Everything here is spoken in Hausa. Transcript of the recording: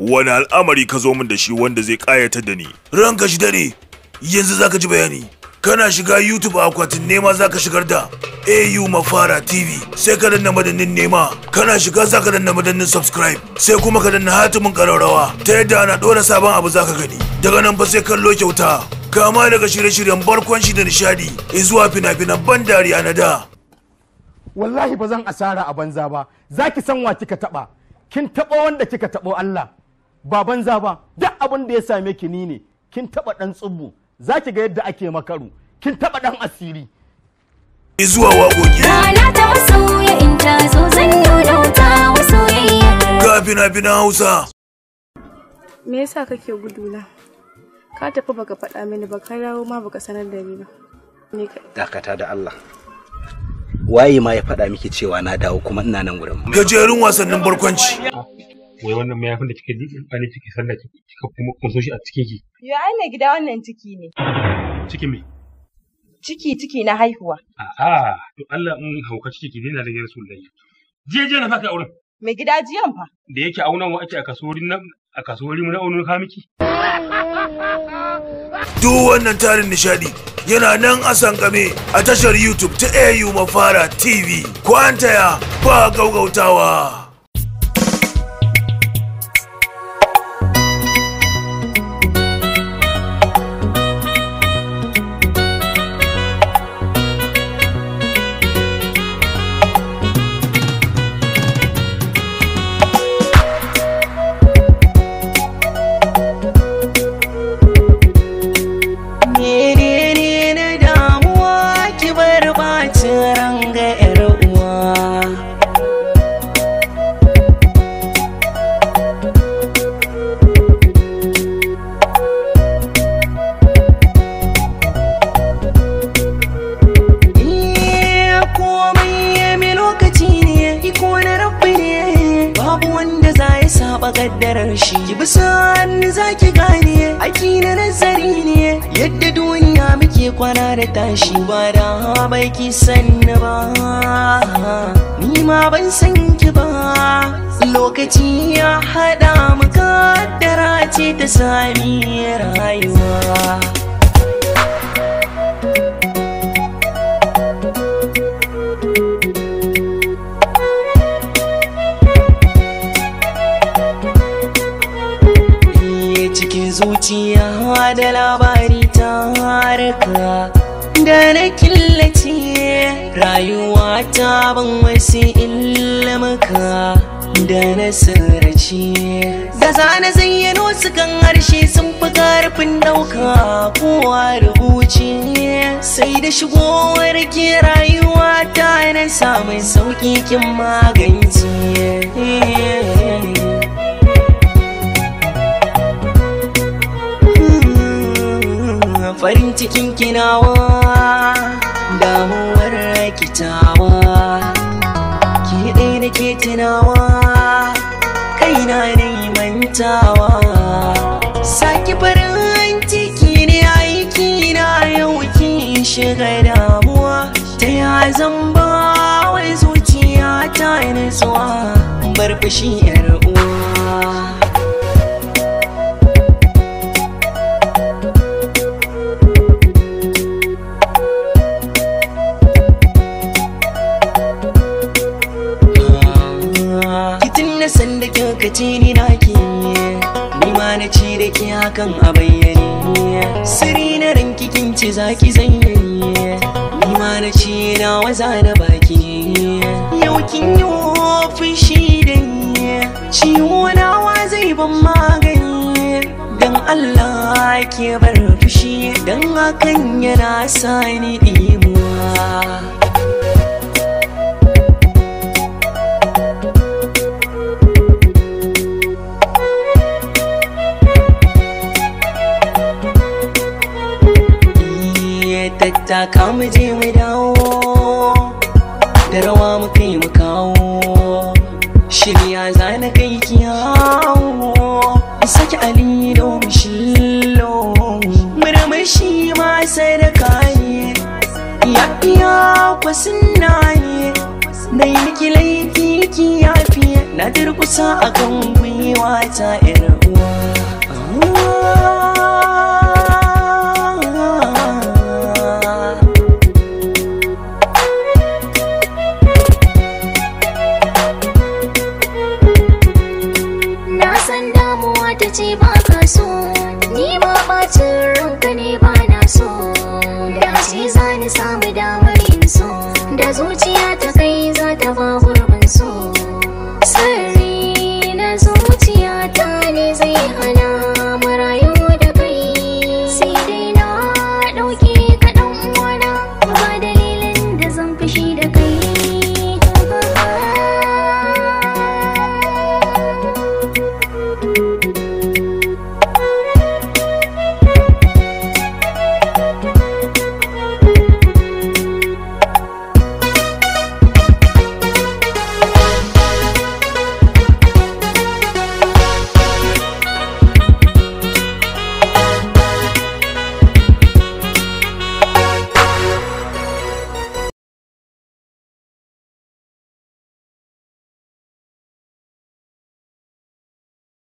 wani al'amari ka zo min da shi wanda zai ƙayatar da ni ranka shi dare yanzu zaka ji bayani kana shiga youtube a akwatin nema zaka shigar da au mafara tv sai ka danna madannin nema kana shiga zaka danna madannin subscribe sai kuma ka danna hatimin kararrawa ta yadda ana ɗora sabon abu zaka gani daga nan fa sai kallo kyauta kama daga shirye-shiryen barkwanci da nishadi zuwa fina-finan ban dariya na da wallahi ba zan asara a banza ba zaki san wa kika taɓa? kin taba wanda kika tabo Allah ba banza ba duk abin da ya same ki ni ne kin taba dan za zaki ga yadda ake makaru kin taba dan asiri zuwa waƙoƙi na ta ya in ta zo zan nuna ta soyayya ga bina bina Hausa me yasa kake gudula ka tafi baka faɗa mini ba ka dawo ma baka sanar da ni ba dakata da Allah waye ma ya faɗa miki cewa na dawo kuma ina nan gurin gajerun wasannin barkwanci wai wannan mayafin da kike dukkan kike sallah kika kuma kunso shi a cikin ki yo ai mai gida wannan ciki ne ciki me ciki ciki na haihuwa a'a to Allah in hauka ciki ki dena da rasulullahi je je na faka auren mai gida jiyan fa da yake aunan wa ake a kasorin nan a kasorin mu na aunan ka miki duk wannan tarin nishadi yana nan a sankame a tashar YouTube ta AU Mafara TV. Kwantaya ba gaugautawa. kaddarar shi ki bi sa'an zaki gane aiki na nazari ne yadda duniya muke kwana da tashi ba da bai ki sanni ba ni ma ban san ki ba lokaci ya haɗa mu kaddara ce ta sami rayuwa cikin zuciya da labari ta harka da na killace rayuwa ta ban wasu ilmuka da na sarace da zane zayyano su kan harshe sun fi karfin ɗauka kowa rubuce sai da shigowar ke rayuwa ta na samun sauƙi kin magance farin cikin kinawa damuwar rikitawa ki ɗaya da ke tunawa kaina na mantawa saki farin ciki ne aiki na yau ki shiga damuwa ta ya zan ba wai zuciya ta nutsuwa bar fushi yar uwa lokaci ci ni naki ni ma na ci da ki hakan a bayyane siri na ranki kin ci zaki zanyi ni ma na ci na waza na baki yau kin yi ofin shi da ciwo na wa zai ban magani dan Allah ke bar fushi dan hakan yana sani dimuwa taka mu je mu dawo da rawa mu kai mu kawo shirya za na kai kiyawo saki ali da mishillo murmushi ma sai da kaye ya iya kwasin naye na yi miki laifi ki yafiye na durkusa akan gwiwa ta 'yar uwa ka so ni ma bacin ranka ne ba na so da shi zani samu damar yin so da zuciya ta